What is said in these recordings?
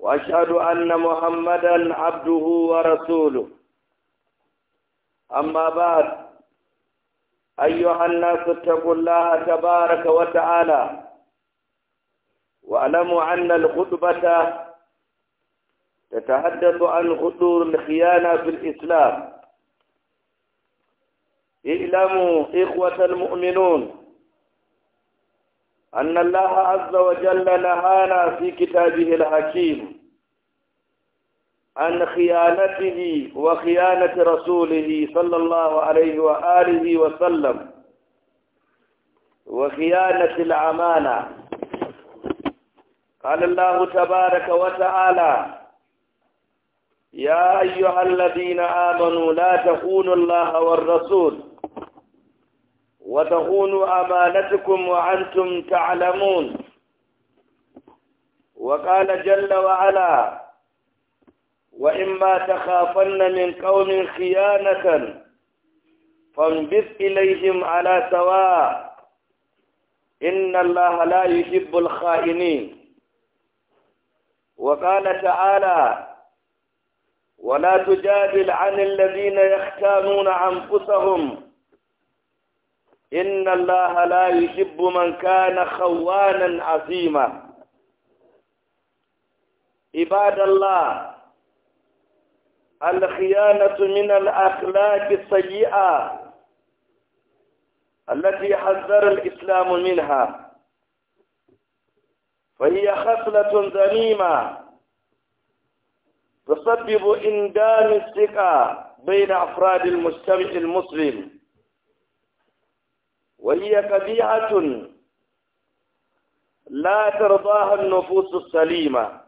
وأشهد أن محمدا عبده ورسوله أما بعد أيها الناس اتقوا الله تبارك وتعالى واعلموا أن الخطبة تتحدث عن خطور الخيانة في الإسلام اعلموا إخوة المؤمنون أن الله عز وجل نهانا في كتابه الحكيم عن خيانته وخيانة رسوله صلى الله عليه وآله وسلم وخيانة الأمانة قال الله تبارك وتعالى يا أيها الذين آمنوا لا تخونوا الله والرسول وتخونوا أمانتكم وأنتم تعلمون وقال جل وعلا وإما تخافن من قوم خيانة فانبث إليهم على سواء إن الله لا يحب الخائنين وقال تعالى ولا تجادل عن الذين يختانون أنفسهم إن الله لا يحب من كان خوانا عظيما عباد الله الخيانة من الأخلاق السيئة التي حذر الإسلام منها فهي خصلة ذميمة تسبب إندام الثقة بين أفراد المجتمع المسلم وهي قبيعة لا ترضاها النفوس السليمة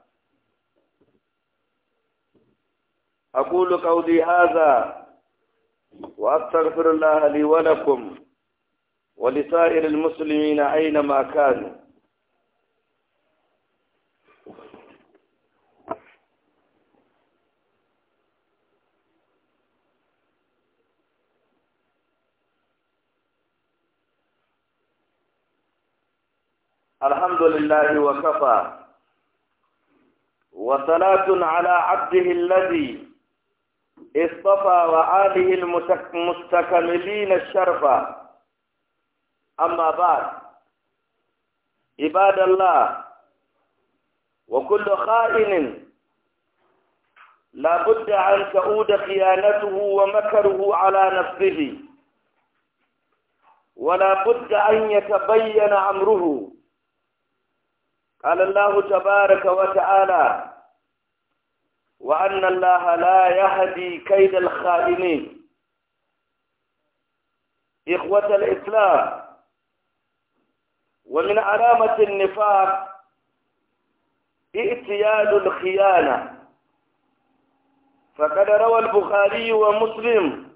أقول قولي هذا وأستغفر الله لي ولكم ولسائر المسلمين أينما كانوا الحمد لله وكفى وصلاة على عبده الذي اصطفى وآله المستكملين الشرفا أما بعد عباد الله وكل خائن لا بد أن تعود خيانته ومكره على نفسه ولا بد أن يتبين أمره قال الله تبارك وتعالى وأن الله لا يهدي كيد الخائنين إخوة الإسلام ومن علامة النفاق ائتيال الخيانة فقد روى البخاري ومسلم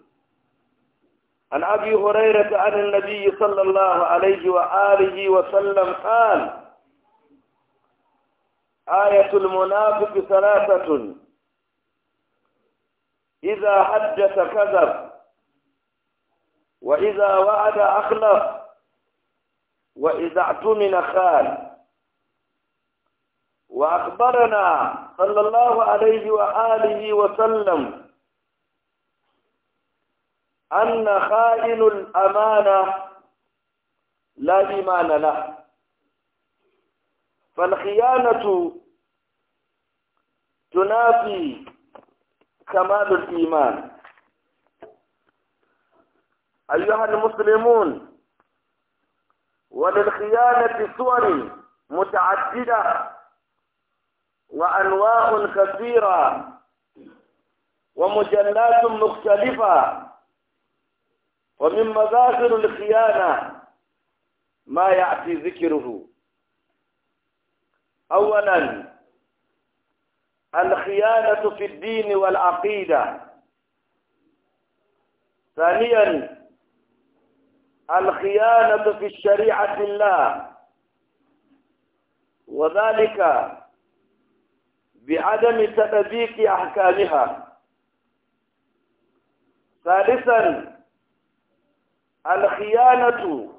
عن أبي هريرة عن النبي صلى الله عليه وآله وسلم قال آية المنافق ثلاثة إذا حدث كذب وإذا وعد أخلف وإذا اعتمن خان وأخبرنا صلى الله عليه وآله وسلم أن خائن الأمانة لا إيمان له فالخيانة تنافي كمال الإيمان أيها المسلمون وللخيانة صور متعددة وأنواع كثيرة ومجلات مختلفة ومن مظاهر الخيانة ما يأتي ذكره أولا الخيانة في الدين والعقيدة ثانيا الخيانة في الشريعة الله وذلك بعدم تطبيق أحكامها ثالثا الخيانة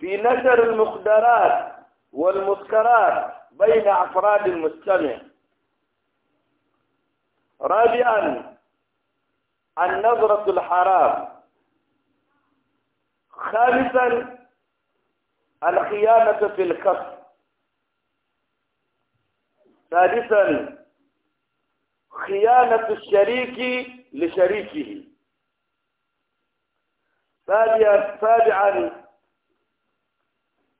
في نشر المخدرات والمسكرات بين أفراد المجتمع رابعا النظرة الحرام خامسا الخيانة في الكف سادسا خيانة الشريك لشريكه سابعا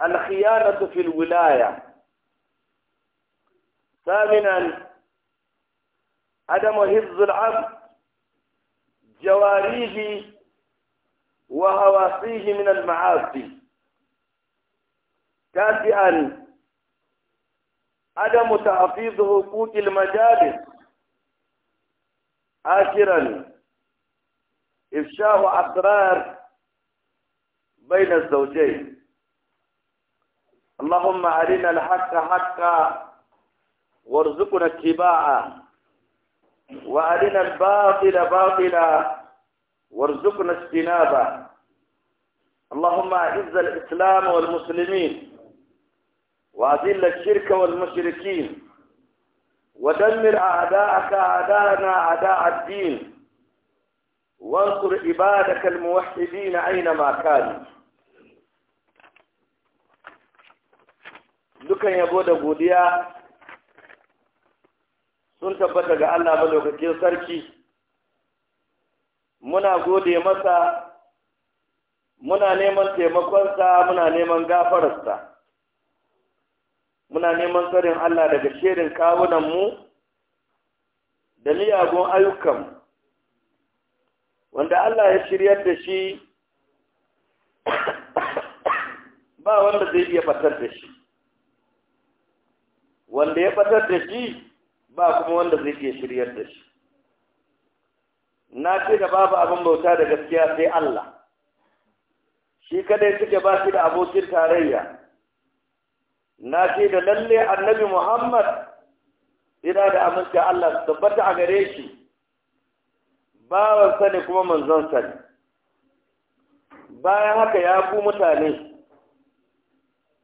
الخيانة في الولاية ثامنا عدم حفظ العبد جواريه وهواصيه من المعاصي تاسعا عدم تحفيظ حقوق المجالس عاشرا إفشاء أسرار بين الزوجين اللهم أرنا الحق حقا وارزقنا اتباعه وأرنا الباطل باطلا وارزقنا اجتنابه اللهم أعز الإسلام والمسلمين وأذل الشرك والمشركين ودمر أعداءك أعداءنا أعداء الدين وانصر عبادك الموحدين أينما كانوا dukan yabo da godiya sun tabbata ga Allah lokacin sarki muna gode masa muna neman taimakonsa muna neman gafararsa muna neman tsarin Allah daga shirin kawunanmu da miyagun ayyukan wanda Allah ya shiryar da shi ba wanda zai iya fatar da shi wanda ya batar da shi ba kuma wanda zai iya shiryar da shi na ce da babu abin bauta da gaskiya sai Allah shi kadai suke ba shi da abokin tarayya na ce da lalle annabi Muhammad ina da aminci Allah su tabbata a gare shi Bawan sani kuma manzon sani. bayan haka ya ku mutane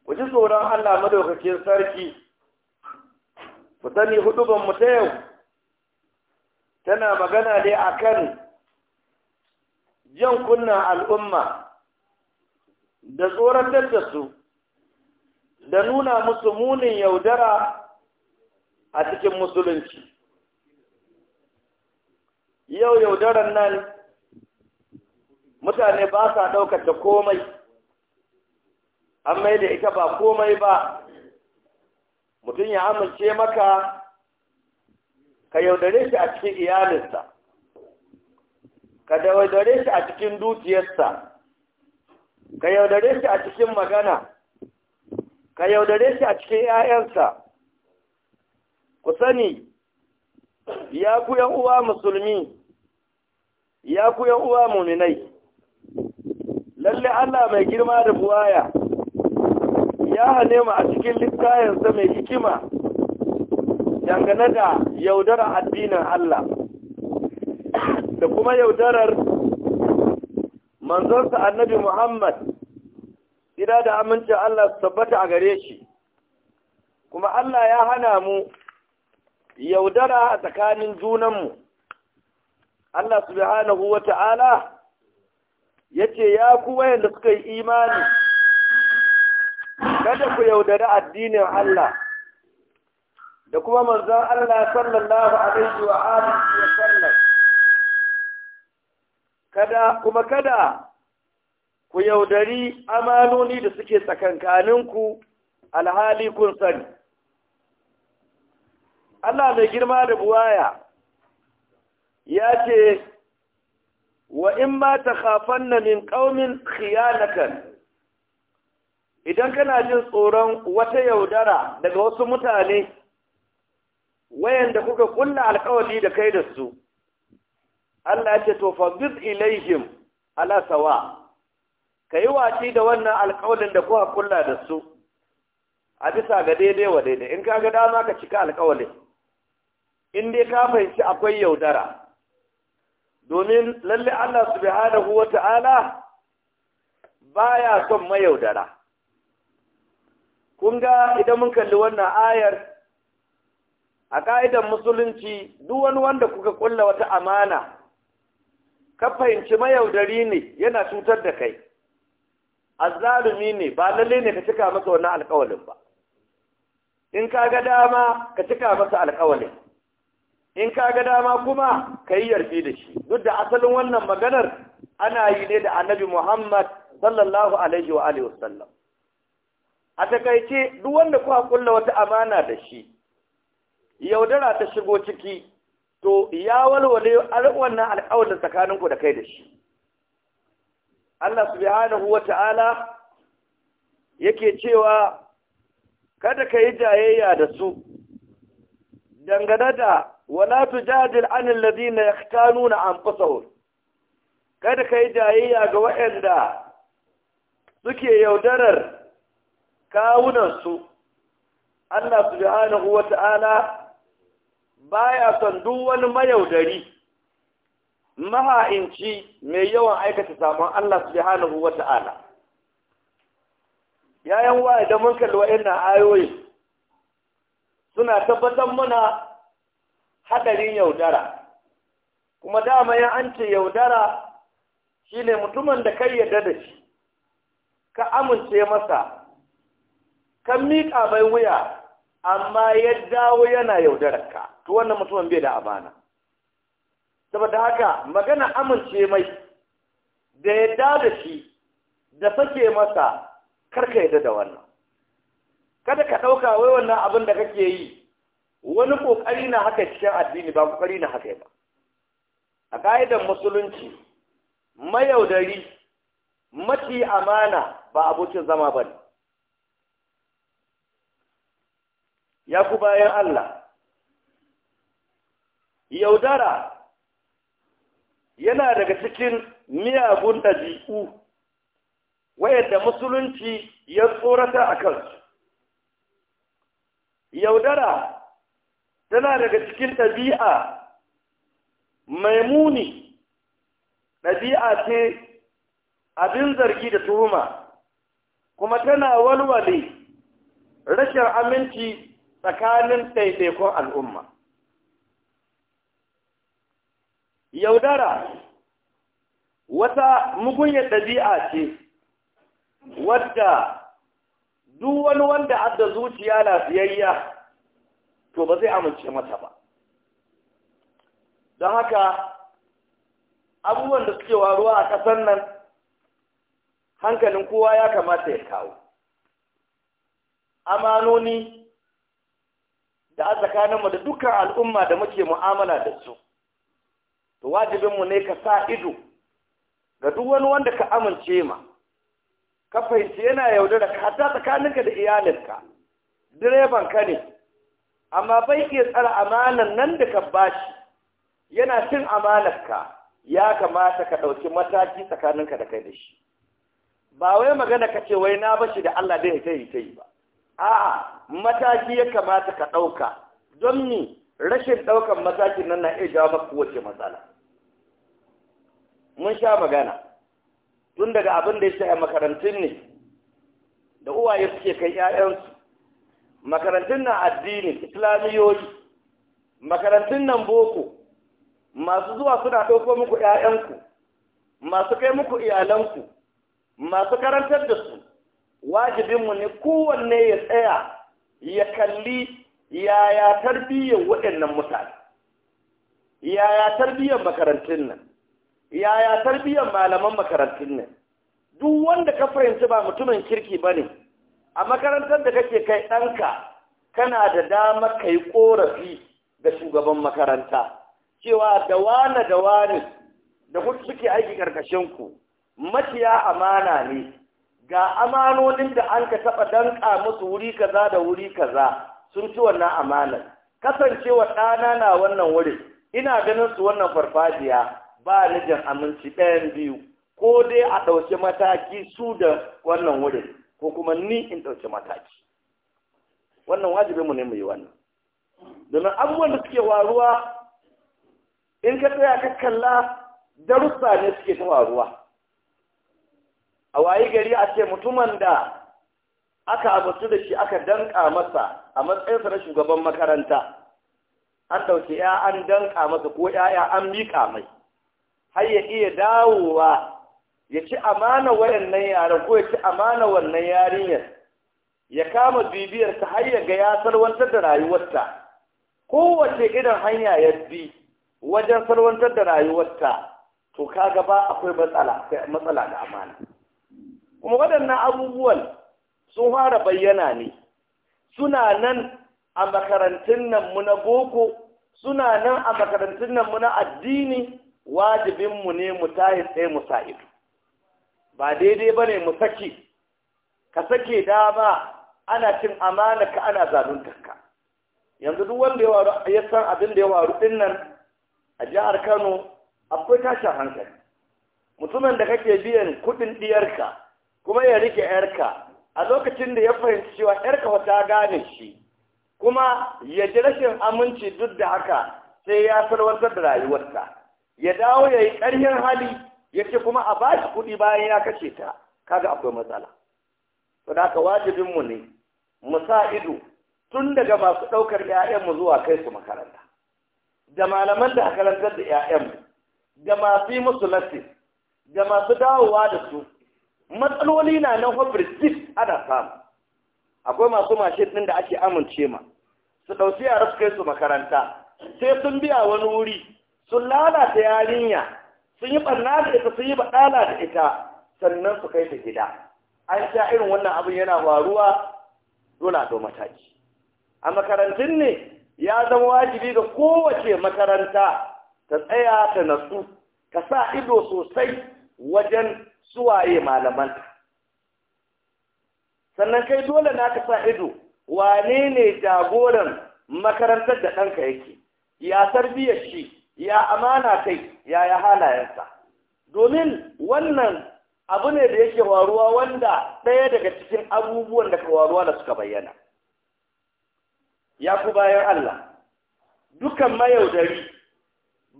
ku ji tsoron Allah madaukakin sarki ku sani huduban mu ta yau tana magana dai kan jan kunna al'umma da tsoratar da su da nuna musu munin yaudara a cikin musulunci yau yaudaran nan mutane ba sa ɗaukata komai an mai da ita ba komai ba mutum ya amince maka ka yaudare shi a cikin iyalinsa ka yaudare shi a cikin dukiyarsa ka yaudare shi a cikin magana ka yaudare shi a cikin 'ya'yansa ku sani ya ku uwa musulmi ya ku uwa muminai lalle Allah mai girma da buwaya ya hane mu a cikin littayensa mai hikima dangane da yaudarar addinin Allah da kuma yaudarar manzonsa annabi Muhammad gida da amincin Allah su tabbata a gare shi kuma Allah ya hana mu yaudara a tsakanin junan mu Allah subhanahu wa ta'ala ya ce ya ku wayanda suka yi imani kada ku yaudari addinin Allah da kuma manzon Allah sallallahu alaihi wa alihi wa sallam kada kuma kada ku yaudari amanoni da suke tsakankaninku alhali kun sani Allah mai girma da buwaya ya ce wa in ma takhafanna min qaumin khiyanatan idan kana jin tsoron wata yaudara daga wasu mutane wayanda kuka kulla alkawari da kai da su Allah ce to fabid ilaihim ala sawa kai wati da wannan alkawarin da kuka kulla da su a bisa ga daidai wa daidai in ka ga dama ka cika alƙawarin. in dai ka fahimci akwai yaudara domin lalle Allah subhanahu wata'ala baya son mayaudara kun ga idan mun kalli wannan ayar a ka'idar musulunci duk wani wanda kuka kulla wata amana ka fahimci mayaudari ne yana cutar da kai azzalumi ne ba lalle ne ka cika masa wannan alƙawalin ba in ka ga dama ka cika masa alƙawalin in ka ga dama kuma ka yi yarfi da shi duk da asalin wannan maganar ana yi ne da annabi muhammad sallallahu alaihi wa alihi wasallam a takaice duk wanda kuka kulla wata amana da shi yaudara ta shigo ciki to ya walwale wannan alƙawarin tsakaninku da kai da shi Allah subhanahu ta'ala yake cewa kada ka yi jayayya da su dangane da wala tujadil anil ladina yaqtanuna anfusahum kada ka yi jayayya ga waɗanda suke yaudarar kawunansu Allah subhanahu wa ta'ala baya son duk wani mayaudari maha'inci mai yawan aikata saman Allah subhanahu wa ta'ala yayan waye da mun kalli wa'annan ayoyi suna tabbatar muna haɗarin yaudara kuma dama ya an ce yaudara shine mutumin da kai yarda da shi ka amince masa kan miƙa bai wuya amma ya dawo yana yaudararka to wannan mutumin bai da amana saboda haka magana amince mai da ya da shi da sake masa karka yadda da wannan kada ka ɗauka wai wannan abin da kake yi wani ƙoƙari na haka cikin addini ba ƙoƙari na haka ba a ƙa'idar musulunci mayaudari maci amana ba abokin zama ba ne ya ku bayan Allah yaudara yana daga cikin miyagun ɗabi'u wayanda musulunci ya tsorata a kansu yaudara tana daga cikin ɗabi'a muni ɗabi'a ce abin zargi da tuhuma kuma tana walwale rashin aminci tsakanin ɗaiɗaikon al'umma yaudara wata mugunyar ɗabi'a ce wadda duk wani wanda adda zuciya na lafiyayya to ba zai amince mata ba don haka abubuwan da suke waruwa a ƙasar nan hankalin kowa ya kamata ya kawo amanoni da a tsakaninmu da dukkan al'umma da muke mu'amala da su to wajibinmu ne ka sa ido ga duk wani wanda ka amince ma ka fahimci yana yaudara ka hatta tsakaninka da iyalinka direban ka ne amma bai iya tsara amanan nan da ka bashi yana cin amanarka ya kamata ka ɗauki mataki tsakaninka da kai da shi ba wai magana ka ce wai na bashi da Allah dai ta yi ta yi ba a'a mataki ya kamata ka ɗauka don ni rashin ɗaukan matakin nan na iya jawo maka kowace matsala mun sha magana tun daga abin da ya sha makarantun ne da uwaye suke kai 'ya'yansu makarantun na addini islamiyoyi makarantun nan boko masu zuwa suna ɗauko muku 'ya'yanku masu kai muku iyalanku masu karantar da su wajibinmu ne kowanne ya tsaya ya kalli yaya tarbiyyar waɗannan mutane yaya tarbiyyar makarantun nan yaya tarbiyyar malaman makarantun nan duk wanda ka fahimci ba mutumin kirki ba ne a makarantar da kake kai ɗanka kana da dama ka yi ƙorafi da shugaban makaranta cewa da wane da wane da kuka suke aiki ƙarƙashinku maciya amana ne ga amanonin da an ka taɓa danka musu wuri kaza da wuri kaza sun ci wannan amanar kasancewa ɗana na wannan wurin ina ganin su wannan farfajiya ba ni jin aminci ɗayan biyu ko dai a ɗauki mataki su da wannan wurin ko kuma ni in ɗauki mataki wannan wajibi mu ne mu yi wannan domin abubuwan da suke waruwa in ka tsaya ka kalla darussa ne suke ta waruwa a wayi gari a ce mutumin da aka abutu da shi aka danka masa a matsayinsa na shugaban makaranta an ɗauki ya an danka masa ko ya'ya an mika mai har ya iya dawowa ya ci amana wayannan yaran ko ya ci amana wannan yarinyar ya kama bibiyar ta har ya ga ya salwantar da rayuwarta kowace irin hanya ya bi wajen salwantar da rayuwarta to kaga ba akwai matsala matsala da amana kuma waɗannan abubuwan sun fara bayyana ne suna nan a makarantun nan mu na boko suna nan a makarantun nan mu na addini wajibinmu ne mu tahi tsaye mu sa'idu ba daidai ba ne mu saki ka sake dama ana cin amana ka ana zaluntarka yanzu duk wanda ya san abin da ya waru din nan a jihar kano akwai tashin hankali mutumin da kake biyan kuɗin ɗiyarka kuma ya rike yarka a lokacin da ya fahimci cewa yarka ta gane shi kuma ya ji rashin aminci duk da haka sai ya sarwantar da rayuwarta ya dawo ya yi ƙarfin hali ya ce kuma a bashi kuɗi bayan ya kashe ta kaga akwai matsala to da wajibinmu ne mu sa ido tun daga masu ɗaukar 'ya'yanmu zuwa kai su makaranta da malaman da karantar da 'ya'yanmu da masu yi musu latif da masu dawowa da su matsaloli na nan hobris ana samu akwai masu mashin ɗin da ake amince ma su ɗauki yara su kai su makaranta sai sun biya wani wuri sun lalata yarinya sun yi ɓarna da ita sun yi baɗala da ita sannan su kai ta gida an sha irin wannan abin yana faruwa dole a mataki a makarantun ne ya zama wajibi ga kowace makaranta ta tsaya ta natsu ka sa ido sosai wajen suwaye malaman sannan kai dole na ka sa ido wane ne jagoran makarantar da ɗanka yake ya tarbiyyar shi ya amana kai ya ya halayensa domin wannan abu ne da yake waruwa wanda ɗaya daga cikin abubuwan da ka waruwa da suka bayyana ya ku bayan Allah dukan mayaudari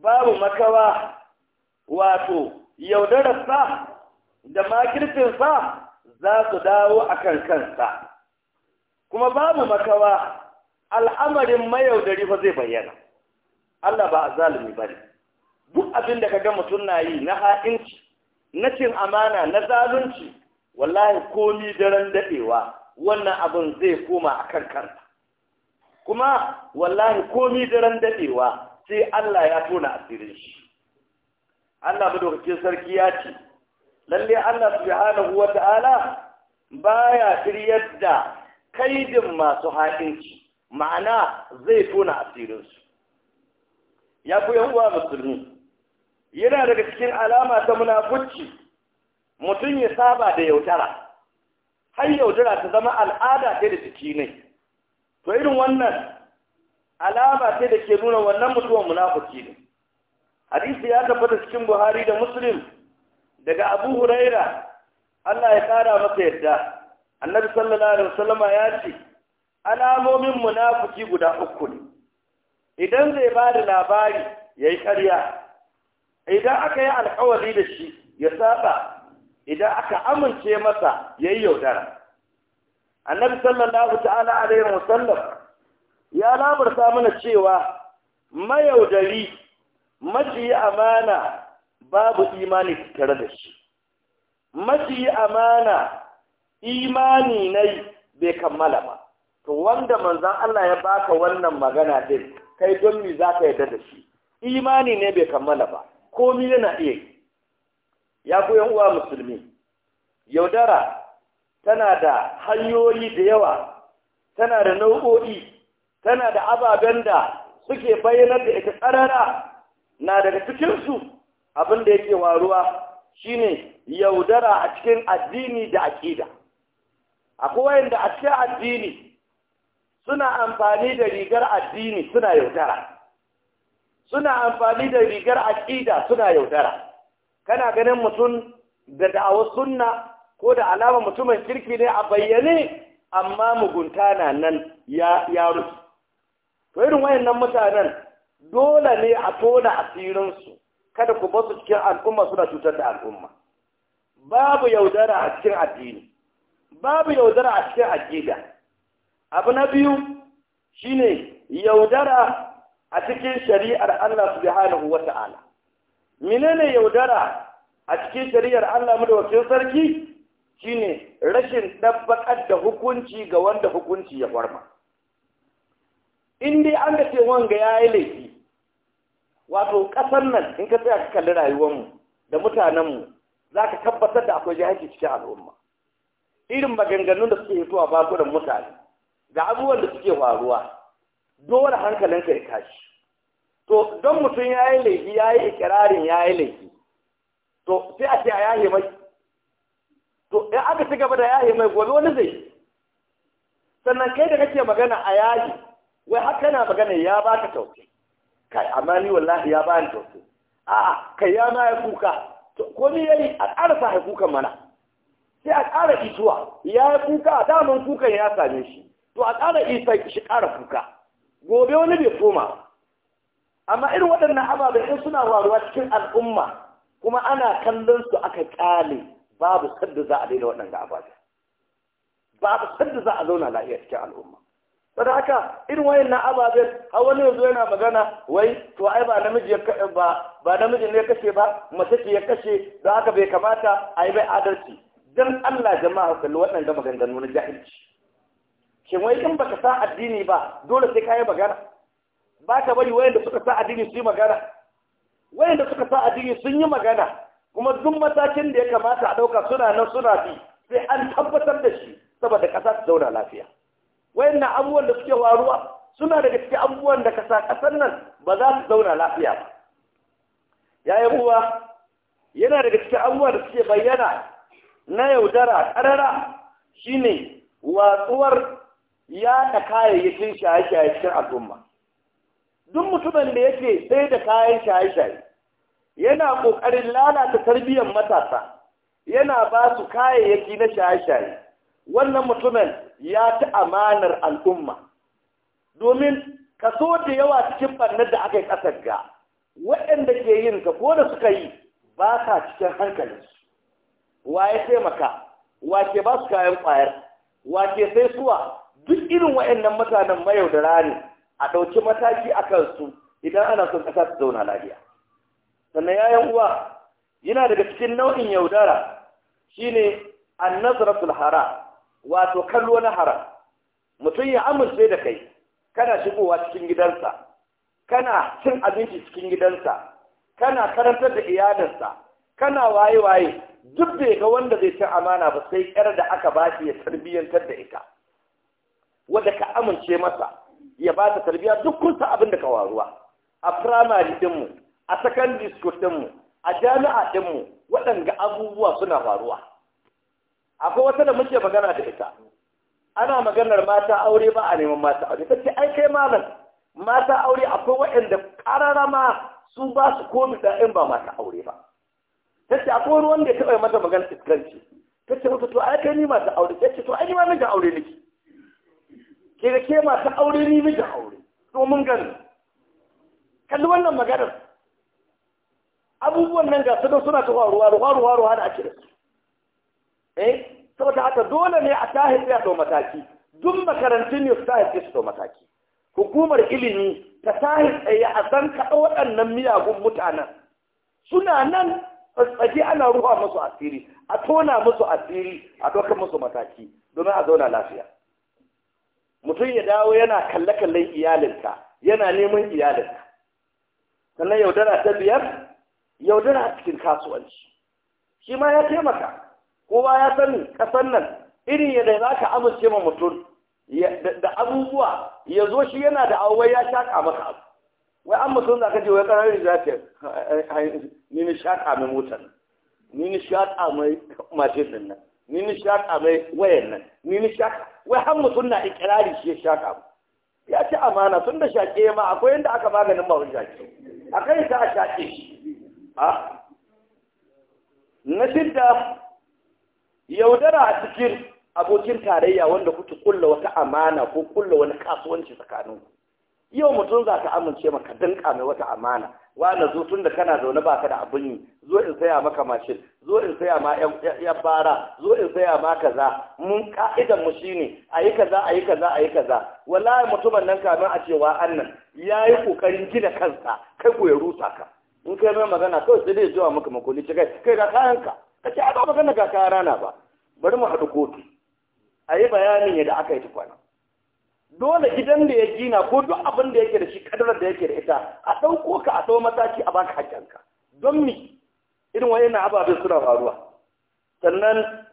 babu makawa wato sa? da makirfinsa za su dawo a kan kansa kuma babu makawa al'amarin mayaudari ba zai bayyana Allah ba a zalimi ba ne duk abin da ka ga mutum na yi na ha'inci na cin amana na zalunci wallahi komi daren daɗewa wannan abin zai koma a kan kansa kuma wallahi komi daren daɗewa sai Allah ya tona asirin shi Allah kake sarki ya ce lalle Allah subhanahu wa ta'ala baya shiryar da kaidin masu haƙinci ma'ana zai tona asirinsu ya ku uwa musulmi yana daga cikin alama ta munafucci mutum ya saba da yautara har yaudara ta zama al'ada ta da jiki ne to irin wannan alama ce da ke nuna wannan mutuwan munafuci ne hadisi ya tabbata cikin buhari da musulmi daga abu huraira Allah ya kara masa yadda annabi sallallahu alaihi wasallama ya ce alamomin munafiki guda uku ne idan zai ba da labari ya yi ƙarya idan aka yi alkawari da shi ya saba idan aka amince masa ya yi yaudara annabi sallallahu ta'ala alaihi wasallam ya labarta mana cewa mayaudari maji amana babu imani tare da shi mafi amana imani nai bai kammala ba to wanda manzan Allah ya baka wannan magana din kai don mi za ka yarda da shi imani ne bai kammala ba komi yana iya yi ya koyan uwa musulmi yaudara tana da hanyoyi da yawa tana da nau'o'i tana da ababen da suke bayyana da ita tsarara na daga cikinsu abin da yake waruwa shine yaudara a cikin addini da aƙida akwai da a cikin addini suna amfani da rigar addini suna yaudara suna amfani da rigar aƙida suna yaudara kana ganin mutum da da'awar sunna ko da alama mutumin kirki ne a bayyane amma mugunta na nan ya yaro to irin wayannan mutanen dole ne a tona asirinsu kada ku basu cikin al'umma suna cutar da al'umma babu yaudara a cikin addini babu yaudara a cikin aqida abu na biyu shine yaudara a cikin shari'ar Allah subhanahu wata'ala menene yaudara a cikin shari'ar Allah da wakil sarki shine rashin dabbakar da hukunci ga wanda hukunci ya farma in dai an ga ce wanga yayi laifi wato ƙasar nan in ka tsaya ka kalli rayuwarmu da mutanenmu za ka tabbatar da akwai jihar cikin al'umma irin maganganun da suke hitowa bakunan mutane ga abubuwan da suke faruwa dole hankalinka ya tashi to don mutum ya yi laifi ya yi ikirarin ya yi laifi to sai a ce a yahe mai to in aka ci gaba da yahe mai gobe wani zai sannan kai da kake magana a yaji wai haka yana magana ya baka tausayi kai amma ni wallahi ya bani tausayi a'a kai ya ma ya kuka ko ni yayi a ƙara sa hukukan mana sai a ƙara isuwa ya yi kuka a daman kukan ya same shi to a ƙara isa shi ƙara kuka gobe wani bai koma amma irin waɗannan ababen sai suna faruwa cikin al'umma kuma ana kallon su aka ƙale babu sadda za a daina waɗannan ababen babu sadda za a zauna lafiya cikin al'umma saboda haka irin wayan na ababen a wani yanzu yana magana wai to ai ba namiji ya ba ba namiji ne ya kashe ba mace ce ya kashe don haka bai kamata a yi bai adalci dan Allah jama'a kalli waɗanda maganganu na jahilci shin wai in baka sa addini ba dole sai ka yi magana ba ka bari wayan da suka sa addini su yi magana Wayan da suka sa addini sun yi magana kuma duk matakin da ya kamata a ɗauka suna nan suna bi sai an tabbatar da shi saboda ƙasa ta zauna lafiya na abubuwan da suke waruwa suna daga cikin abubuwan da kasa kasar nan ba za su zauna lafiya ba yayin uwa yana daga cikin abubuwa da suke bayyana na yaudara karara shine watsuwar yaɗa kayayyakin shaye-shaye cikin al'umma duk mutumin da yake sai da kayan shaye-shaye yana ƙoƙarin lalata tarbiyyar matasa yana ba su kayayyaki na shaye-shaye wannan mutumin ya ci amanar al'umma domin kaso da yawa cikin ɓarnar da aka yi ƙasar ga waɗanda ke yin ka ko da suka yi ba sa cikin hankalinsu wa ya taimaka wa ke ba su kayan ƙwayar wa ke sai suwa duk irin waɗannan mutanen mayaudara ne a ɗauki mataki a kansu idan ana son ƙasa ta zauna lafiya sannan yayan uwa yana daga cikin nau'in yaudara shine annazratul hara wato kallo na haram mutum ya amince da kai kana shigowa cikin gidansa kana cin abinci cikin gidansa kana karantar da iyalinsa kana waye-waye duk bai ga wanda zai cin amana ba sai yar da aka ba shi ya tarbiyyantar da ita wadda ka amince masa ya ba ta tarbiyya duk kun abin da ka waruwa a firamare dinmu a secondary school dinmu a jami'a dinmu waɗanga abubuwa suna faruwa akwai wata da muke magana da ita ana maganar mata aure ba a neman mata aure ta ce ai kai malam mata aure akwai waɗanda ƙararama su ba su komi ɗa'in ba mata aure ba ta ce akwai ruwan da ya taɓa mata magana iskanci ta ce to ai kai ni mata aure ta ce to ai ni ma mijin aure nake ke da ke mata aure ni mijin aure domin gani kalli wannan maganar abubuwan nan ga su suna ta ruwa ruwa ruwa ruwa da ake da su eh saboda haka dole ne a tahir ya dau mataki duk makarantun ne su tahir tsaye dau mataki hukumar ilimi ta tahir tsaye a san kaɗa waɗannan miyagun mutanen suna nan tsatsaki ana ruwa musu asiri a tona musu asiri a ɗaukar musu mataki domin a zauna lafiya mutum ya dawo yana kalle-kallen iyalinka yana neman iyalinka sannan yaudara ta biyar yaudara a cikin kasuwanci shi ma ya taimaka kowa ya sani kasan nan irin yadda za ka amince ma mutum da abubuwa ya zo shi yana da awai ya shaƙa maka abu wai an mutum za ka je wai ƙararri za ta Nini shaƙa mai motar nini shaƙa mai mashin din nan nini shaƙa mai wayan nan nini shaƙa wai an mutum na ikirari shi ya shaƙa mu ya ci amana tun da shaƙe ma akwai yadda aka maganin ba wani shaƙe a kai ta a shaƙe shi na shidda yaudara a cikin abokin tarayya wanda kuke kulla wata amana ko kulla wani kasuwanci tsakanin yau mutum za ka amince maka danka mai wata amana wani zo tun da kana zaune ba ka da abin yi zo in saya maka mashin zo in saya ma yan bara zo in saya ma kaza mun ka'idan mu shine ayi kaza ayi kaza ayi kaza wallahi mutumin nan kamin a cewa annan yayi kokarin gina kansa kai ko ya rusa ka in kai mai magana kawai sai dai zuwa maka makoli kai kai ga kayanka ce a ba magana kaka rana ba bari mu haɗu kotu a yi bayanin yadda aka yi tukwana dole gidan da ya gina ko duk abin da yake da shi kadarar da yake da ita a ɗauko ka a ɗau mataki a baka hakkanka don mi irin wani na ababen suna faruwa sannan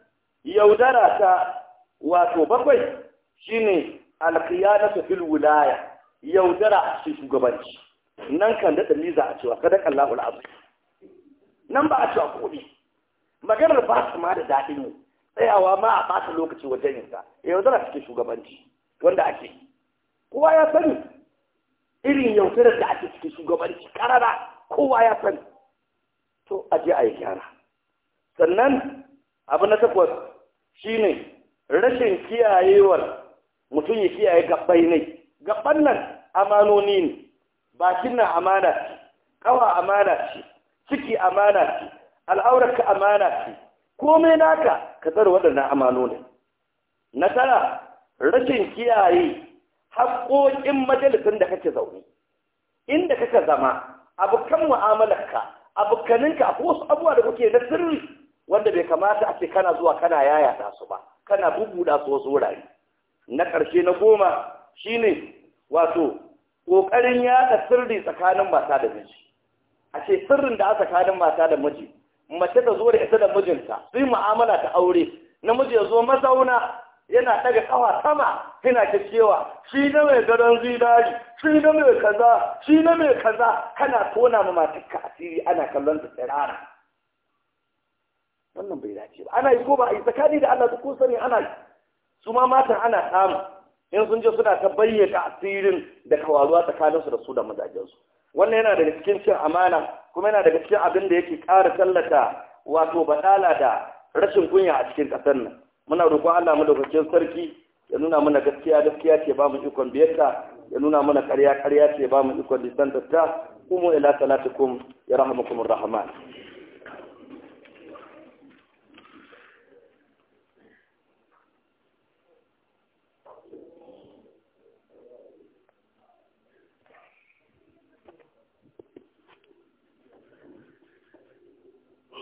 yaudara ta wato bakwai shine na fil wilaya yaudara shi shugabanci nan kan da daliza a cewa kada kallahu al'azim nan ba a cewa kuɗi maganar ba su ma da daɗin ne tsayawa ma a ɓata lokaci wajen yinsa zara cikin shugabanci wanda ake kowa ya sani irin yaudarar da ake cikin shugabanci karara kowa ya sani to a je a yi gyara sannan abu na takwas shine rashin kiyayewar mutum ya kiyaye gabbai ne gabban nan amanoni ne bakin nan amana ce kawa amana ce ciki amana ce al'aurarka amana ce komai naka ka tsara waɗannan ne na tara rashin kiyaye haƙoƙin majalisun da kake zaune inda kaka zama abokan mu'amalarka abokaninka a wasu abubuwa da kuke na sirri wanda bai kamata a ce kana zuwa kana yayata su ba kana bubuɗa su wasu wurare na ƙarshe na goma shine wato ƙoƙarin yaɗa sirri tsakanin mata da miji a ce sirrin da a tsakanin mata da miji mace ta zo da ita da mijinta sai mu'amala ta aure namiji ya zo mazauna yana daga kawa sama yana cewa shi na mai gadon zinari shi na mai kaza shi na mai kaza kana tona ma ka asiri ana kallon ta tsirara wannan bai dace ba ana yi ko ba a yi tsakani da Allah ko sani ana yi su ma matan ana samu in sun je suna ta bayyana asirin da kawaruwa tsakaninsu da su da mazajensu wannan yana daga cikin cin amana kuma yana daga cikin abin da yake ƙara tallata wato baɗala da rashin kunya a cikin ƙasar nan muna roƙon Allah mu daukakin sarki ya nuna mana gaskiya gaskiya ce ba mu ikon biyarta ya nuna mana ƙarya ƙarya ce ba mu ikon lisantarta kuma ila salatukum ya rahamakumur rahman